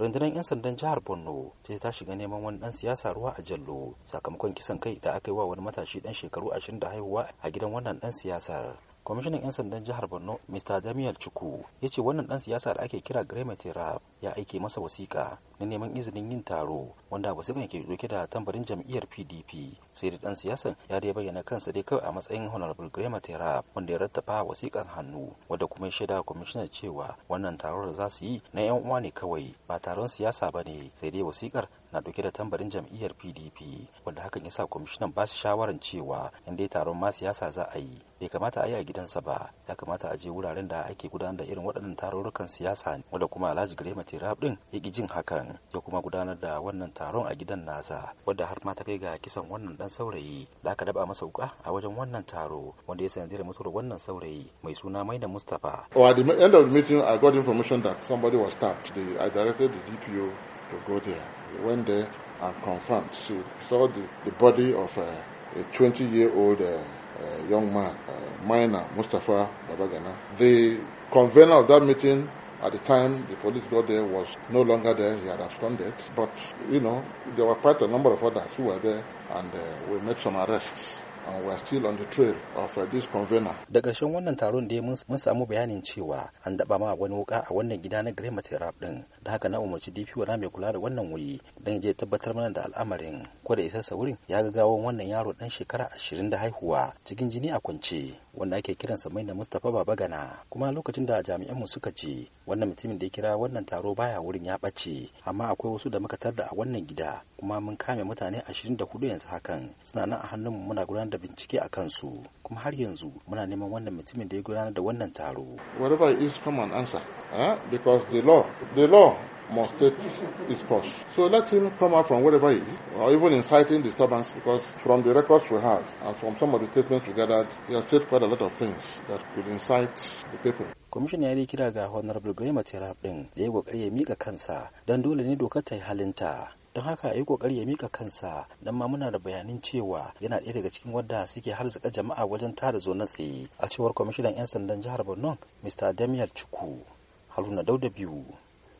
rundunar 'yan sandan jihar borno ta ta shiga neman wani dan siyasa ruwa a jallo sakamakon kisan kai da aka yi wa wani matashi dan shekaru ashirin da haihuwa a gidan wannan dan siyasar kwamishinan 'yan sandan jihar borno mr damiel chuku ya ce wannan dan siyasa da ake kira grema rap ya aike masa wasiƙa na neman izinin yin taro wanda wasiƙan ke doke da tambarin jam'iyyar pdp sai da dan siyasan ya dai bayyana kansa dai kawai a matsayin honorable grema rap wanda ya rattafa wasiƙan hannu wanda kuma ya shaida kwamishinan cewa wannan taron da za su yi na 'yan uwa ne kawai ba taron siyasa ba ne sai dai wasiƙar na dauke da tambarin jam'iyyar pdp wanda hakan ya sa kwamishinan ba su shawaran cewa in dai taron ma siyasa za a yi bai kamata a yi a gidansa ba ya kamata a je wuraren da ake gudanar da irin waɗannan tarurrukan siyasa ne wanda kuma alhaji grema terab din ya ki jin hakan ya kuma gudanar da wannan taron a gidan nasa wanda har ma ta kai ga kisan wannan dan saurayi da aka daba masa wuka a wajen wannan taro wanda ya sanadiyar mutuwar wannan saurayi mai suna maina mustapha oh, at the end of the meeting i got information that somebody was stabbed today i directed the dpo to go there. He went there and confirmed. She saw the, the body of a, a 20 year old uh, uh, young man, uh, miner Mustafa Babagana. The convener of that meeting at the time the police got there was no longer there, he had absconded. But, you know, there were quite a number of others who were there and uh, we made some arrests. and are still on the trail of uh, this convener. Da ƙarshen wannan taron da mun samu bayanin cewa an daba ma wani wuka a wannan gida na Grema Terap din. Da haka na umarci DP na mai kula da wannan wuri dan je tabbatar mana da al'amarin. Ko da sa wurin ya ga gawon wannan yaro dan shekara ashirin da haihuwa cikin jini a kwance. wanda ake kiransa mai da Mustapha Babagana kuma lokacin da jami'an mu suka ce wannan mutumin da ya kira wannan taro baya wurin ya ɓace amma akwai wasu da muka da a wannan gida kuma mun kame mutane 24 yanzu hakan suna nan a hannun mu muna gudanar da bincike a kansu kuma har yanzu muna neman wannan mutumin da ya gudanar da wannan taro. Whatever is come answer, eh? because the law, the law must take his course. So let him come out from wherever he is, or even inciting disturbance, because from the records we have and from some of the statements we gathered, he has said quite a lot of things that could incite the people. Kwamishin ya yi kira ga Honorable Graham Terap ɗin da ya kokari ya mika kansa don dole ne dokar ta yi halinta. don haka ya yi kokari ya mika kansa don ma muna da bayanin cewa yana ɗaya daga cikin wadda suke harzuka jama'a wajen tara zo na tsaye a cewar kwamishinan 'yan sandan jihar borno mr damiyar chukwu haruna dauda biyu